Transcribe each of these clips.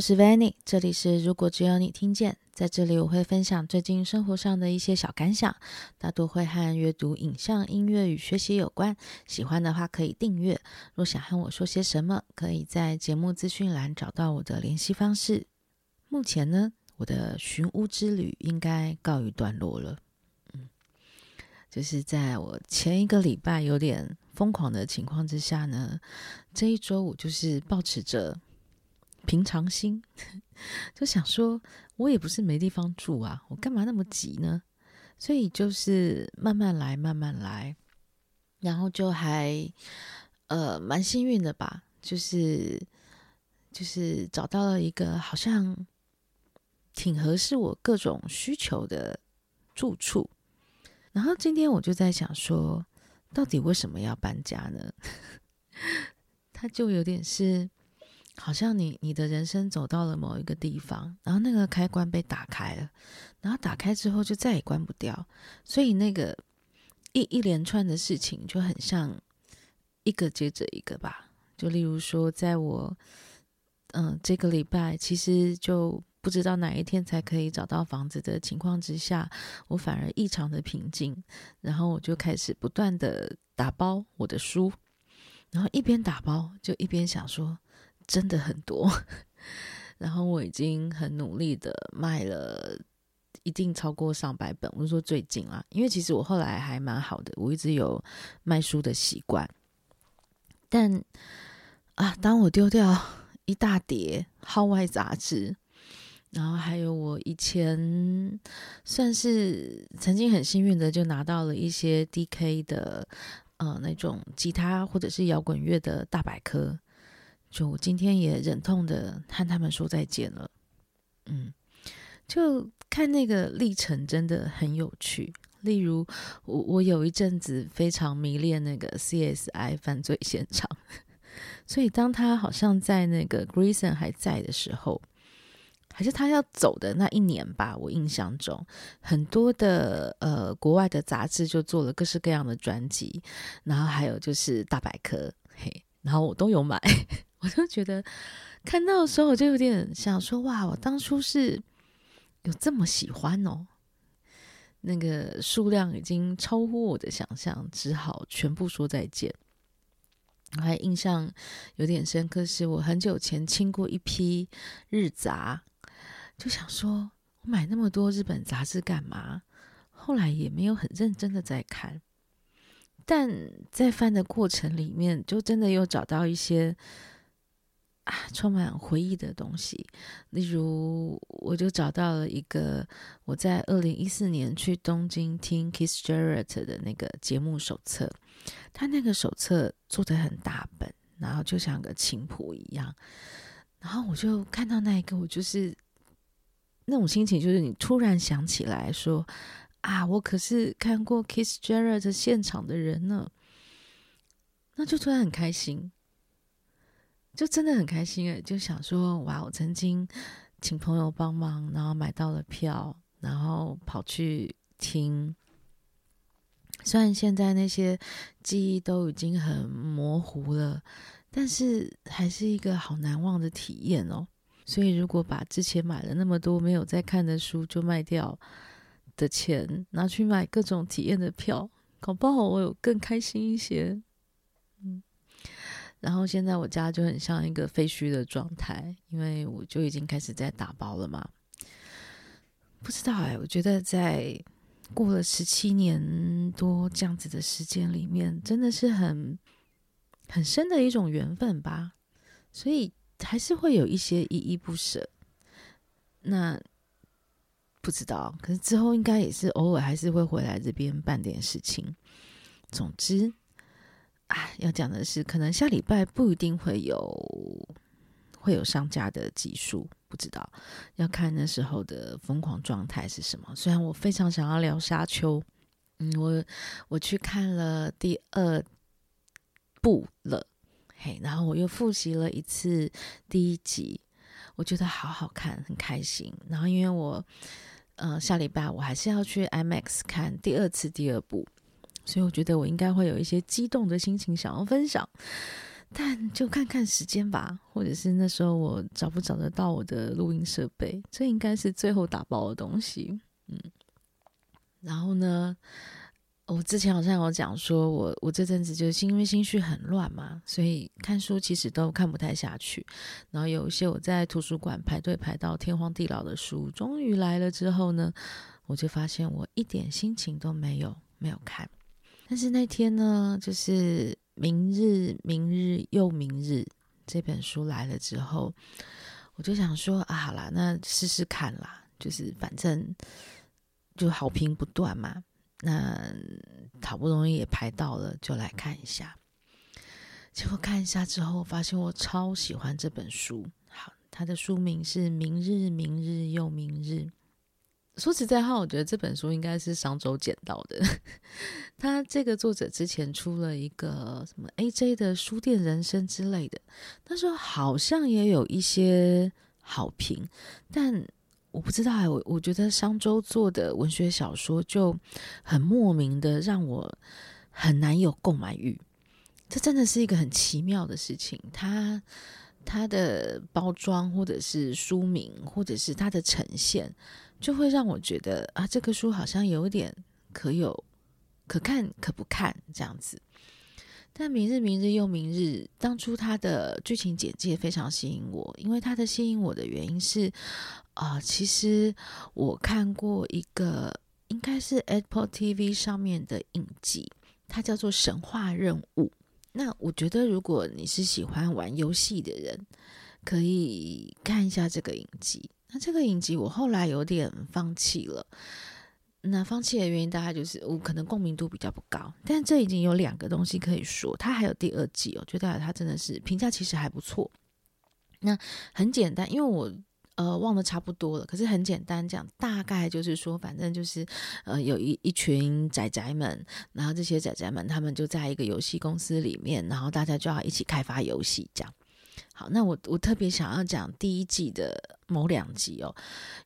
我是 Vanny，這裡是如果只有你聽見。在這裡我會分享最近生活上的一些小感想，大多會和閱讀、影像、音樂與學習有關。喜歡的話可以訂閱。若想和我說些什麼，可以在節目資訊欄找到我的聯繫方式。目前呢，我的尋屋之旅應該告一段落了。嗯，就是在我前一個禮拜有點瘋狂的情況之下呢，這一周我就是保持着。平常心， 就想說，我也不是沒地方住啊，我幹嘛那麼急呢？所以就是慢慢來，慢慢來。然後就還呃蠻幸運的吧，就是就是找到了一個好像挺合適我各種需求的住處。然後今天我就在想說，到底為什麼要搬家呢？他 就有點是。好像你你的人生走到了某一個地方，然後那個開關被打開了，然後打開之後就再也關不掉。所以那個一一連串的事情就很像一個接着一個吧。就例如說，在我嗯，呃，這個禮拜其實就不知道哪一天才可以找到房子的情況之下，我反而異常的平靜。然後我就開始不斷的打包我的書，然後一邊打包就一邊想說。真的很多，然後我已經很努力的賣了，一定超過上百本。我是說最近啊，因為其實我後來還蠻好的，我一直有賣書的習慣。但啊，當我丟掉一大疊號外雜誌，然後還有我以前算是曾經很幸運的，就拿到了一些 DK 的呃那種吉他或者是搖滾樂的大百科。就我今天也忍痛的和他們說再見了，嗯，就看那個歷程真的很有趣。例如我，我我有一陣子非常迷戀那個 CSI 犯罪現場，所以當他好像在那個 Grierson 還在的時候，還是他要走的那一年吧。我印象中，很多的呃國外的雜誌就做了各式各樣的專輯，然後還有就是大百科，嘿，然後我都有買。我就覺得看到的時候，我就有點想說：“哇，我當初是有這麼喜歡哦。”那個數量已經超乎我的想象，只好全部說再見。我還印象有點深刻，是我很久前清過一批日雜，就想說我買那麼多日本雜志幹嘛？後來也沒有很認真的在看，但在翻的過程裡面，就真的又找到一些。啊、充滿回憶的東西，例如我就找到了一個，我在二零一四年去東京聽 Keith Jarrett 的那個節目手冊，他那個手冊做得很大本，然後就像個琴譜一樣，然後我就看到那一個，我就是那種心情，就是你突然想起來說啊，我可是看過 Keith Jarrett 現場的人呢，那就突然很開心。就真的很開心誒，就想說哇，我曾經請朋友幫忙，然後買到了票，然後跑去聽。雖然現在那些記憶都已經很模糊了，但是還是一個好難忘的體驗哦。所以，如果把之前買了那麼多沒有在看的書就賣掉的錢，拿去買各種體驗的票，搞不好我有更開心一些。然後現在我家就很像一個廢墟的狀態，因為我就已經開始在打包了嘛。不知道欸，我覺得在過了十七年多這樣子的時間裡面，真的是很很深的一種緣分吧。所以還是會有一些依依不捨。那不知道，可是之後應該也是偶爾還是會回來這邊辦點事情。總之。啊，要講的是，可能下禮拜不一定會有會有上架的集數，不知道要看那時候的瘋狂狀態是什麼。雖然我非常想要聊《沙丘》，嗯，我我去看了第二部了，嘿，然後我又複習了一次第一集，我覺得好好看，很開心。然後因為我呃下禮拜我還是要去 IMAX 看第二次第二部。所以我覺得我應該會有一些激動的心情想要分享，但就看看時間吧，或者是那時候我找不找得到我的錄音設備，這應該是最後打包的東西。嗯，然後呢，我之前好像有講說，我我這陣子就是因為心緒很亂嘛，所以看書其實都看不太下去。然後有一些我在圖書館排隊排到天荒地老的書，終於來了之後呢，我就發現我一點心情都沒有，沒有看。但是那天呢，就是《明日、明日又明日》這本書來了之後，我就想說，啊，好啦，那試試看啦，就是反正就好評不斷嘛，那好不容易也排到了，就來看一下。結果看一下之後，發現我超喜歡這本書。好，它的書名是《明日、明日又明日》。說實在話，我覺得這本書應該是商周撿到的。 他這個作者之前出了一個什麼《A.J. 的書店人生》之類的，他說好像也有一些好評，但我不知道我、欸、我覺得商周做的文學小說就很莫名的讓我很難有購買慾，這真的是一個很奇妙的事情。它他，他的包裝，或者是書名，或者是他的呈現。就會讓我覺得啊，這個書好像有點可有可看可不看這樣子。但明日明日又明日，當初它的劇情簡介非常吸引我，因為它的吸引我的原因是啊、呃，其實我看過一個，應該是 Apple TV 上面的影集，它叫做《神話任務》。那我覺得，如果你是喜歡玩遊戲的人。可以看一下這個影集，那這個影集我後來有點放棄了。那放棄的原因大概就是我，哦，可能共鳴度比較不高，但是這已經有兩個東西可以說，它還有第二季哦，就代表它真的是評價其實還不錯。那很簡單，因為我呃忘得差不多了，可是很簡單講，大概就是說，反正就是呃有一一群宅宅們，然後這些宅宅們他們就在一個遊戲公司裡面，然後大家就要一起開發遊戲這樣。好，那我我特別想要講第一季的某兩集哦，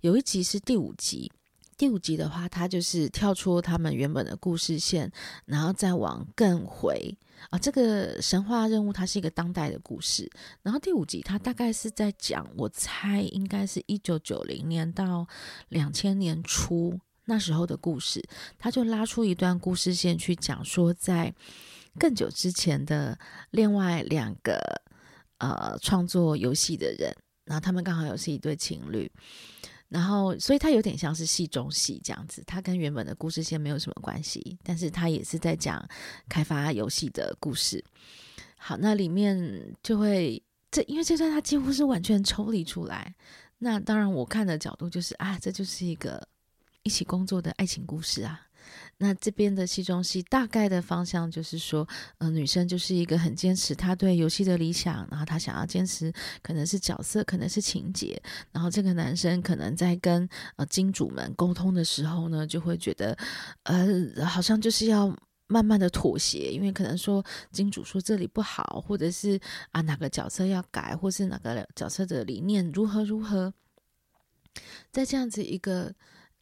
有一集是第五集。第五集的話，它就是跳出他們原本的故事線，然後再往更回。啊，這個神話任務，它是一個當代的故事。然後第五集，它大概是在講，我猜應該是一九九零年到兩千年初那時候的故事。他就拉出一段故事線去講說，在更久之前的另外兩個，呃，創作遊戲的人，然後他們剛好又是一對情侶，然後所以他有點像是戲中戲這樣子，他跟原本的故事線沒有什麼關係，但是他也是在講開發遊戲的故事。好，那裡面就會，這，因為這段他幾乎是完全抽離出來。那當然，我看的角度就是啊，這就是一個一起工作的愛情故事啊。那這邊的戲中戲大概的方向就是說，呃，女生就是一個很堅持，她對遊戲的理想，然後她想要堅持，可能是角色，可能是情節，然後這個男生可能在跟呃金主們溝通的時候呢，就會覺得，呃，好像就是要慢慢的妥協，因為可能說金主說這裡不好，或者是啊哪個角色要改，或是哪個角色的理念如何如何，在這樣子一個。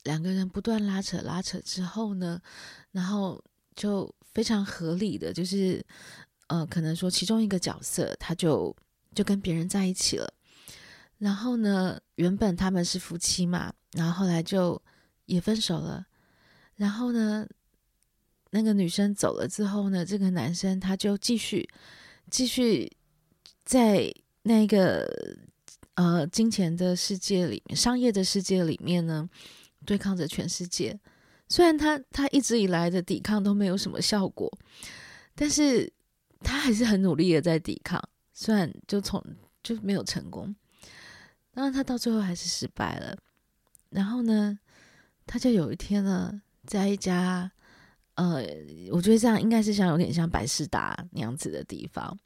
兩個人不斷拉扯拉扯之後呢，然後就非常合理的，就是呃，可能說其中一個角色他就就跟別人在一起了，然後呢，原本他們是夫妻嘛，然後後來就也分手了，然後呢，那個女生走了之後呢，這個男生他就繼續繼續在那個呃金錢的世界裡，商業的世界裡面呢。對抗着全世界，雖然他他一直以來的抵抗都沒有什麼效果，但是他還是很努力的在抵抗，雖然就從就沒有成功，當然他到最後還是失敗了。然後呢，他就有一天呢，在一家呃，我覺得這樣應該是像有點像百視達那樣子的地方，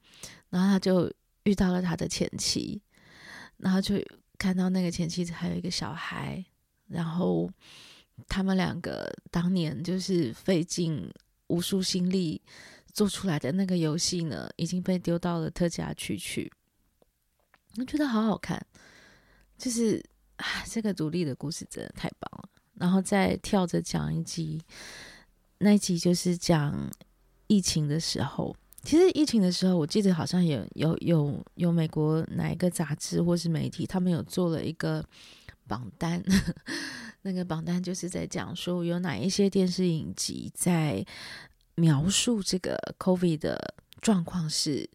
然後他就遇到了他的前妻，然後就看到那個前妻還有一個小孩。然後，他們兩個當年就是費盡無數心力做出來的那個遊戲呢，已經被丟到了特價區去。我覺得好好看，就是啊，這個獨立的故事真的太棒了！然後再跳着講一集，那一集就是講疫情的時候。其實疫情的時候，我記得好像也有有有有美國哪一個雜誌或是媒體，他們有做了一個榜單， 那個榜單就是在講說有哪一些電視影集在描述這個 COVID 的狀況，是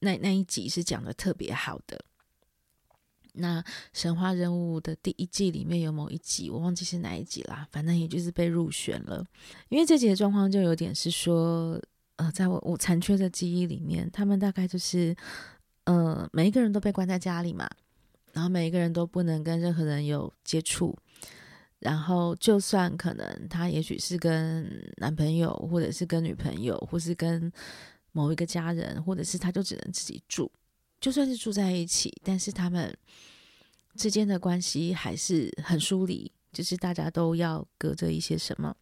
那那一集是講得特別好的。那《神話任務》的第一季裡面有某一集，我忘記是哪一集啦，反正也就是被入選了。因為這集的狀況就有點是說，呃，在我我殘缺的記憶裡面，他們大概就是呃，每一個人都被關在家裡嘛。然後每一個人都不能跟任何人有接觸，然後就算可能他也許是跟男朋友，或者是跟女朋友，或是跟某一個家人，或者是他就只能自己住，就算是住在一起，但是他們之間的關係還是很疏離，就是大家都要隔着一些什麼。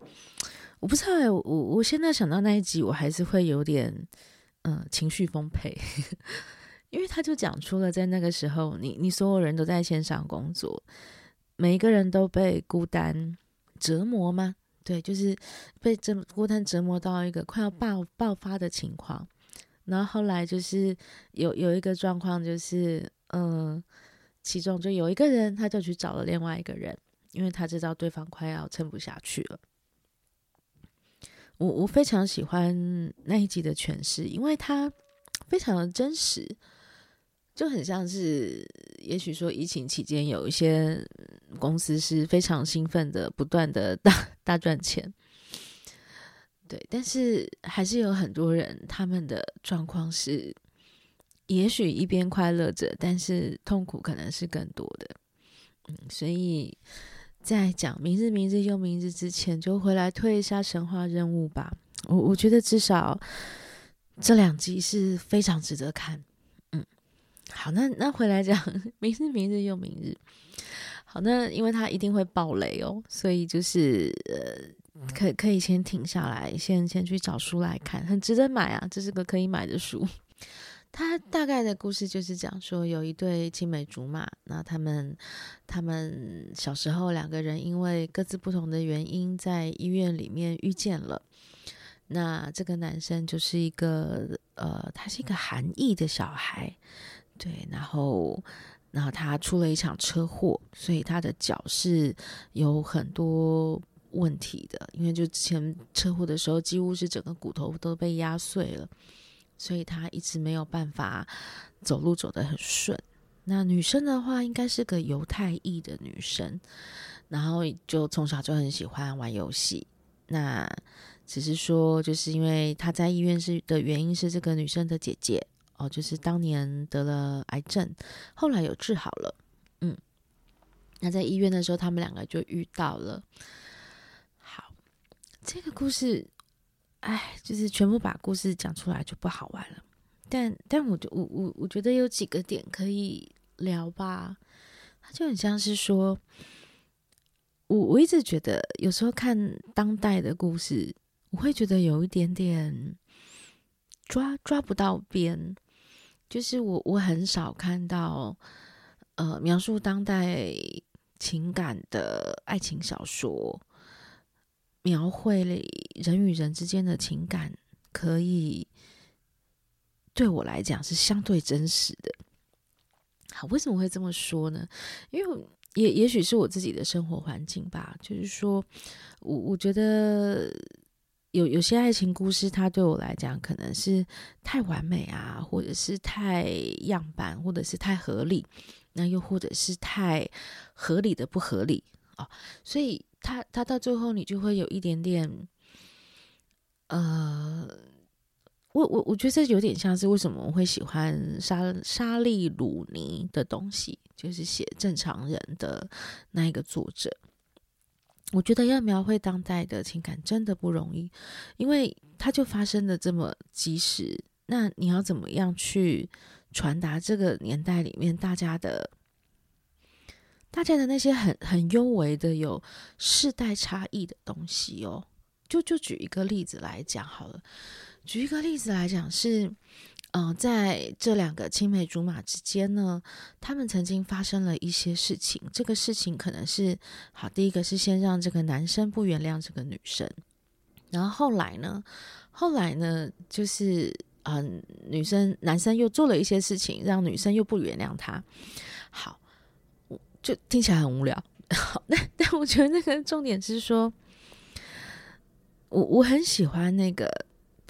我不知道，我我現在想到那一集，我還是會有點嗯情緒豐沛。 因為他就講出了，在那個時候，你你所有人都在線上工作，每一個人都被孤單折磨嗎？對，就是被這孤單折磨到一個快要爆爆發的情況。然後後來就是有有一個狀況，就是嗯、呃，其中就有一個人，他就去找了另外一個人，因為他知道對方快要撐不下去了。我我非常喜歡那一集的詮釋，因為他非常的真實。就很像是，也許說疫情期間有一些公司是非常興奮的，不斷的大大賺錢。對，但是還是有很多人，他們的狀況是，也許一邊快樂着，但是痛苦可能是更多的。嗯，所以在講明日、明日又明日之前，就回來推一下神話任務吧。我我覺得至少這兩集是非常值得看。好，那那回來講，明日明日又明日。好，那因為他一定會爆雷哦，所以就是呃，可以可以先停下來，先先去找書來看，很值得買啊，這是個可以買的書。他大概的故事就是講說，有一對青梅竹馬，那他們他們小時候兩個人因為各自不同的原因，在醫院裡面遇見了。那這個男生就是一個呃，他是一個韓裔的小孩。對，然後，然後他出了一場車禍，所以他的腳是有很多問題的，因為就之前車禍的時候，幾乎是整個骨頭都被壓碎了，所以他一直沒有辦法走路走得很順。那女生的話，應該是個猶太裔的女生，然後就從小就很喜歡玩遊戲。那只是說，就是因為他在醫院是的原因是這個女生的姐姐，哦，就是當年得了癌症，後來有治好了。嗯，那在醫院的時候，他們兩個就遇到了。好，這個故事，哎，就是全部把故事講出來就不好玩了。但但我就我我我覺得有幾個點可以聊吧。他就很像是說，我我一直覺得有時候看當代的故事，我會覺得有一點點抓抓不到邊。就是我，我很少看到，呃，描述當代情感的愛情小說，描繪了人與人之間的情感，可以對我來講是相對真實的。好，為什麼會這麼說呢？因為也也許是我自己的生活環境吧。就是說，我我覺得。有有些愛情故事，它對我來講可能是太完美啊，或者是太樣板，或者是太合理，那又或者是太合理的不合理啊，哦，所以他他到最後，你就會有一點點，呃，我我我覺得這有點像是為什麼我會喜歡莎莎莉魯尼的東西，就是寫正常人的那一個作者。我覺得要描繪當代的情感真的不容易，因為它就發生的這麼及時。那你要怎麼樣去傳達這個年代裡面大家的、大家的那些很很幽微的、有世代差異的東西哦？就就舉一個例子來講好了，舉一個例子來講是。嗯、呃，在這兩個青梅竹馬之間呢，他們曾經發生了一些事情。這個事情可能是，好，第一個是先讓這個男生不原諒這個女生，然後後來呢，後來呢，就是呃，女生男生又做了一些事情，讓女生又不原諒他。好，就聽起來很無聊。好，但但我覺得那個重點是說，我我很喜歡那個。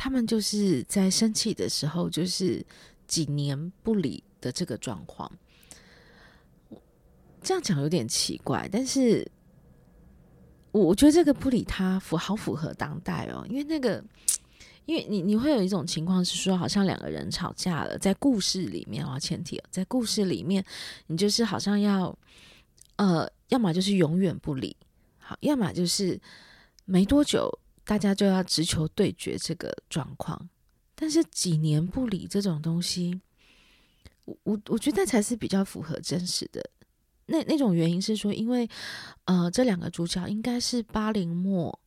他們就是在生氣的時候，就是幾年不理的這個狀況，這樣講有點奇怪，但是我我覺得這個不理他符好符合當代哦，因為那個，因為你你會有一種情況是說，好像兩個人吵架了，在故事裡面啊，前提在故事裡面，你就是好像要，呃，要麼就是永遠不理，好，要麼就是沒多久。大家就要直球對決這個狀況，但是幾年不理這種東西，我我我覺得才是比較符合真實的。那那種原因是說，因為呃，這兩個主角應該是八零末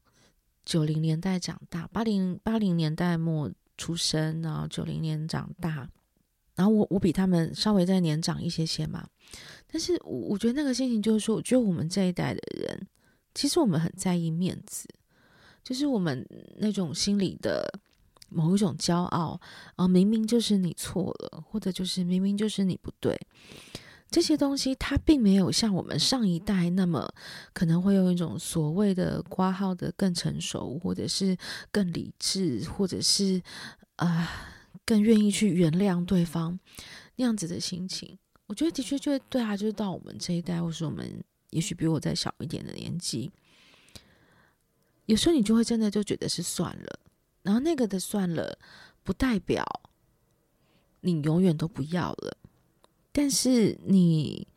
九零年代長大，八零八零年代末出生，然後九零年長大，然後我我比他們稍微再年長一些些嘛。但是我，我我覺得那個心情就是說，我覺得我們這一代的人，其實我們很在意面子。就是我們那種心裡的某一種驕傲啊，明明就是你錯了，或者就是明明就是你不對，這些東西它並沒有像我們上一代那麼可能會有一種所謂的括號的更成熟，或者是更理智，或者是啊、呃、更願意去原諒對方那樣子的心情。我覺得的確就是對啊，就是到我們這一代，或是我們也許比我再小一點的年紀，有時候你就會真的就覺得是算了，然後那個的算了，不代表你永遠都不要了。但是你，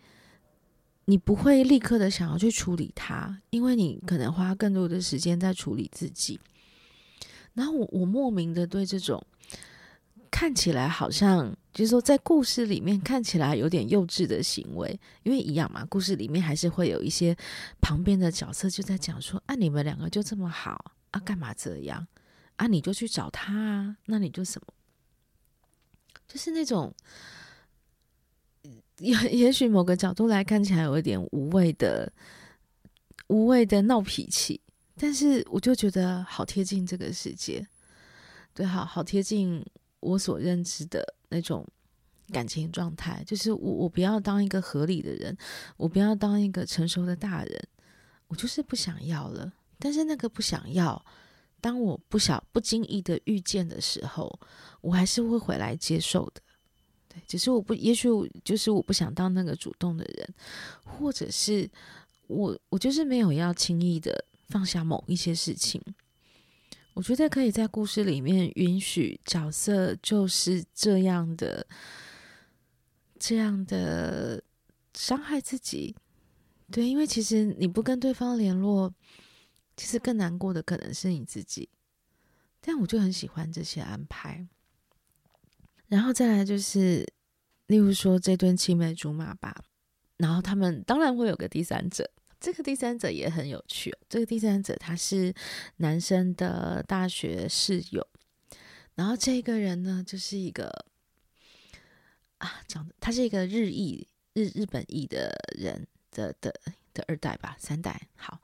你不會立刻的想要去處理它，因為你可能花更多的時間在處理自己。然後我我莫名的對這種。看起來好像就是說，在故事裡面看起來有點幼稚的行為，因為一樣嘛。故事裡面還是會有一些旁邊的角色就在講說：“啊，你們兩個就這麼好啊？幹嘛這樣？啊，你就去找他啊？那你就什麼？就是那種……也也許某個角度來看起來有一點無謂的、無謂的鬧脾氣，但是我就覺得好貼近這個世界，對好，好好貼近。”我所認知的那種感情狀態，就是我我不要當一個合理的人，我不要當一個成熟的大人，我就是不想要了。但是那個不想要，當我不小不經意的遇見的時候，我還是會回來接受的。對，只是我不，也許就是我不想當那個主動的人，或者是我我就是沒有要輕易的放下某一些事情。我覺得可以在故事裡面允許角色就是這樣的，這樣的傷害自己。對，因為其實你不跟對方聯絡，其實更難過的可能是你自己。但我就很喜歡這些安排。然後再來就是，例如說這段青梅竹馬吧，然後他們當然會有個第三者。這個第三者也很有趣哦，這個第三者他是男生的大學室友，然後這個人呢，就是一個啊，長得他是一個日裔日日本裔的人的的的、的二代吧、三代。好，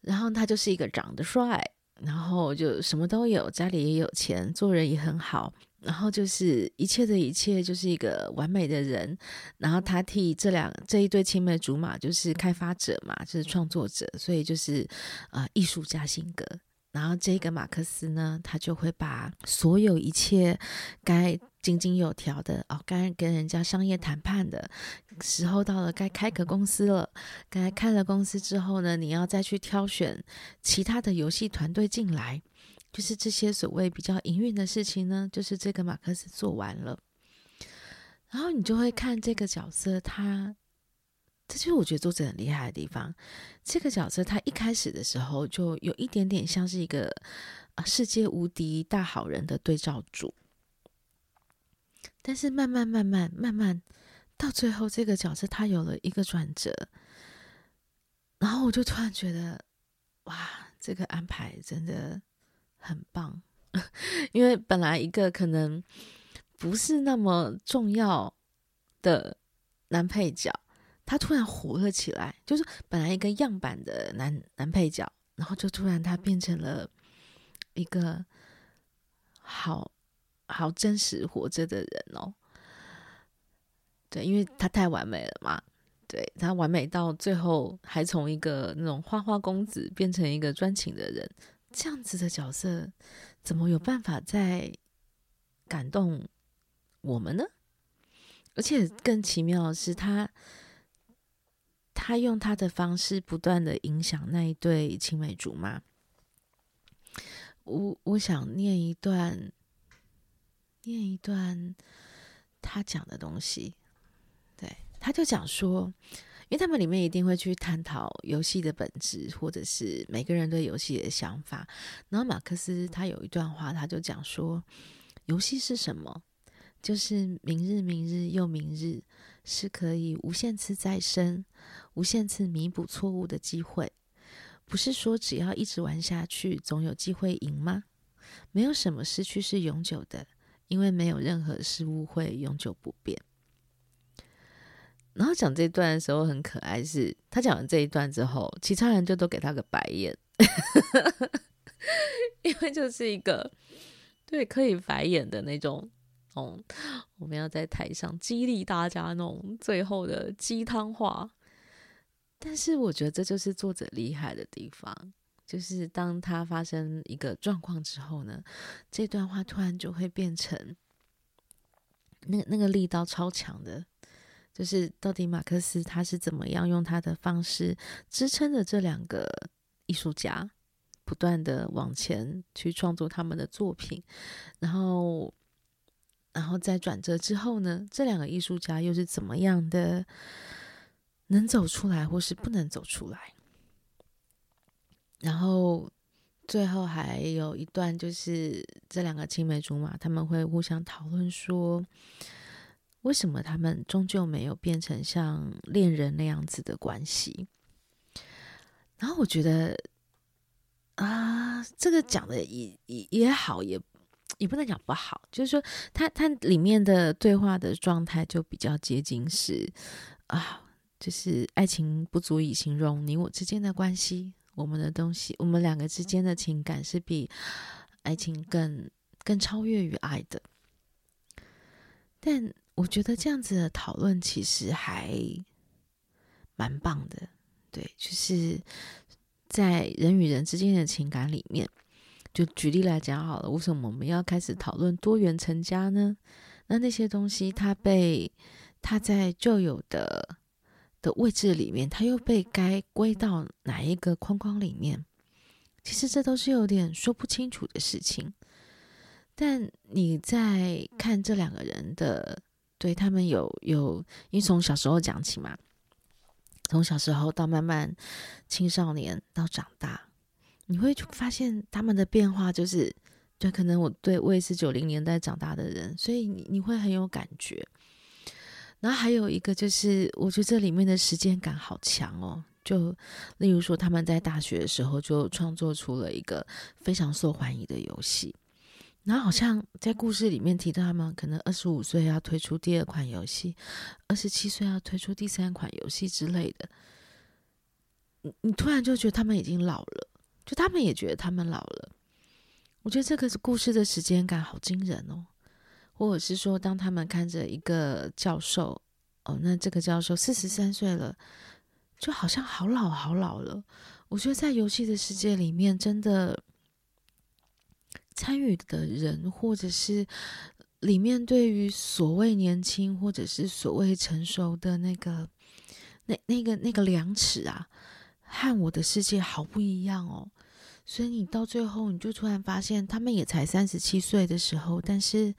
然後他就是一個長得帥。然後就什麼都有，家裡也有錢，做人也很好，然後就是一切的一切就是一個完美的人。然後他替這兩這一對青梅竹馬就是開發者嘛，就是創作者，所以就是啊、呃、藝術家性格。然後這個馬克思呢，他就會把所有一切該井井有條的哦，該跟人家商業談判的時候到了，該開個公司了。該開了公司之後呢，你要再去挑選其他的遊戲團隊進來，就是這些所謂比較營運的事情呢，就是這個馬克思做完了。然後你就會看這個角色他。這就是我覺得作者很厲害的地方。這個角色他一開始的時候就有一點點像是一個世界無敵大好人的對照組，但是慢慢慢慢慢慢到最後，這個角色他有了一個轉折，然後我就突然覺得，哇，這個安排真的很棒，因為本來一個可能不是那麼重要的男配角。他突然活了起來，就是本來一個樣板的男男配角，然後就突然他變成了一個好好真實活着的人哦、喔。對，因為他太完美了嘛，對他完美到最後還從一個那種花花公子變成一個專情的人，這樣子的角色怎麼有辦法再感動我們呢？而且更奇妙的是他。他用他的方式不斷的影響那一對青梅竹馬。我我想念一段，念一段他講的東西。對，他就講說，因為他們裡面一定會去探討遊戲的本質，或者是每個人對遊戲的想法。然後馬克思他有一段話，他就講說，遊戲是什麼？就是明日，明日又明日。是可以無限次再生，無限次彌補錯誤的機會，不是說只要一直玩下去，總有機會贏嗎？沒有什麼失去是永久的，因為沒有任何事物會永久不變。然後講這段的時候很可愛是，是他講完這一段之後，其他人就都給他個白眼， 因為就是一個對可以白眼的那種。哦，我們要在台上激勵大家弄最後的雞湯話，但是我覺得這就是作者厲害的地方，就是當他發生一個狀況之後呢，這段話突然就會變成那那個力道超強的，就是到底馬克思他是怎麼樣用他的方式支撐着這兩個藝術家不斷的往前去創作他們的作品，然後。然後在轉折之後呢，這兩個藝術家又是怎麼樣的？能走出來或是不能走出來？然後最後還有一段，就是這兩個青梅竹馬他們會互相討論說，為什麼他們終究沒有變成像戀人那樣子的關係。然後我覺得啊，這個講的也也也好也。也不能講不好，就是說他，它它裡面的對話的狀態就比較接近是啊，就是愛情不足以形容你我之間的關係，我們的東西，我們兩個之間的情感是比愛情更更超越於愛的。但我覺得這樣子的討論其實還蠻棒的，對，就是在人與人之間的情感裡面。就舉例來講好了，為什麼我們要開始討論多元成家呢？那那些東西它，它被它在舊有的的位置裡面，它又被該歸到哪一個框框裡面？其實這都是有點說不清楚的事情。但你在看這兩個人的，對他們有有，因為從小時候講起嘛，從小時候到慢慢青少年到長大。你會發現他們的變化就是，對，可能我對，我也是九零年代長大的人，所以你你會很有感覺。然後還有一個就是，我覺得這裡面的時間感好強哦。就例如說，他們在大學的時候就創作出了一個非常受歡迎的遊戲，然後好像在故事裡面提到他們可能二十五歲要推出第二款遊戲，二十七歲要推出第三款遊戲之類的，你你突然就覺得他們已經老了。就他們也覺得他們老了，我覺得這個故事的時間感好驚人哦，或者是說，當他們看着一個教授，哦，那這個教授四十三歲了，就好像好老好老了。我覺得在遊戲的世界裡面，真的參與的人或者是裡面對於所謂年輕或者是所謂成熟的那個那那個那個量尺啊。和我的世界好不一樣哦，所以你到最後你就突然發現，他們也才三十七歲的時候，但是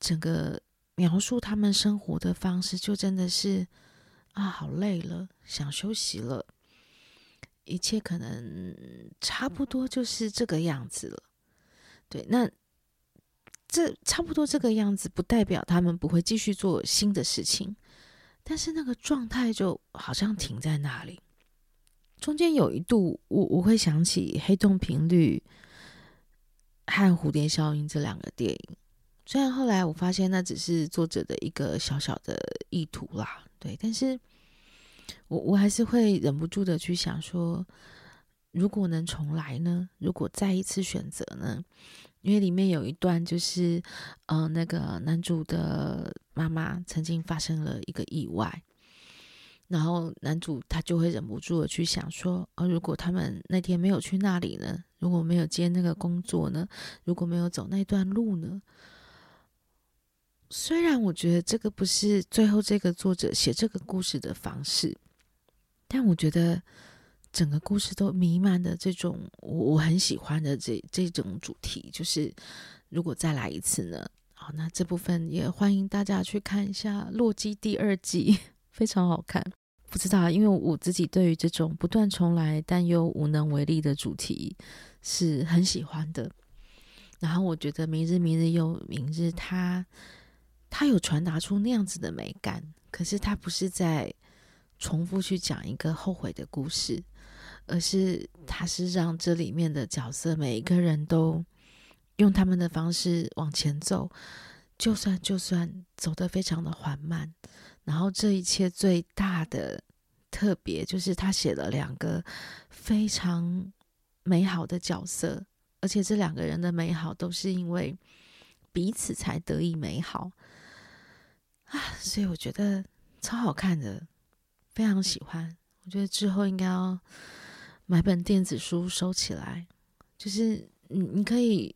整個描述他們生活的方式，就真的是啊，好累了，想休息了，一切可能差不多就是這個樣子了。對，那這差不多這個樣子，不代表他們不會繼續做新的事情，但是那個狀態就好像停在那裡。中間有一度，我我會想起《黑洞頻率》和《蝴蝶效應》這兩個電影。雖然後來我發現那只是作者的一個小小的意圖啦，對，但是我我還是會忍不住的去想說，如果能重來呢？如果再一次選擇呢？因為裡面有一段就是，呃，那個男主的媽媽曾經發生了一個意外。然後男主他就會忍不住的去想說：“哦、啊，如果他們那天沒有去那裡呢？如果沒有接那個工作呢？如果沒有走那段路呢？”雖然我覺得這個不是最後這個作者寫這個故事的方式，但我覺得整個故事都彌漫的這種我我很喜歡的這這種主題，就是如果再來一次呢？好，那這部分也歡迎大家去看一下《洛基》第二季，非常好看。不知道，因為我自己對於這種不斷重來但又無能為力的主題是很喜歡的。然後我覺得《明日，明日，又明日》他，它它有傳達出那樣子的美感，可是它不是在重複去講一個後悔的故事，而是它是讓這裡面的角色每一個人都用他們的方式往前走，就算就算走得非常的緩慢。然後這一切最大的特別就是，他寫了兩個非常美好的角色，而且這兩個人的美好都是因為彼此才得以美好啊！所以我覺得超好看的，非常喜歡。我覺得之後應該要買本電子書收起來，就是你你可以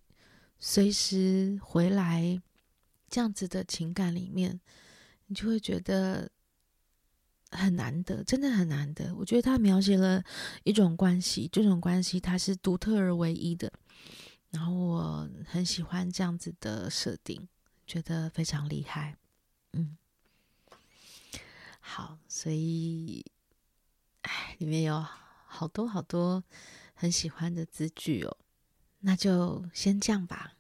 隨時回來這樣子的情感裡面。你就會覺得很難得，真的很難得。我覺得他描寫了一種關係，這種關係它是獨特而唯一的。然後我很喜歡這樣子的設定，覺得非常厲害。嗯，好，所以哎，裡面有好多好多很喜歡的字句哦。那就先這樣吧。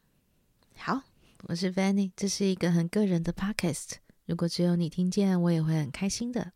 好，我是 Vanny，這是一個很個人的 Podcast。如果只有你聽見，我也會很開心的。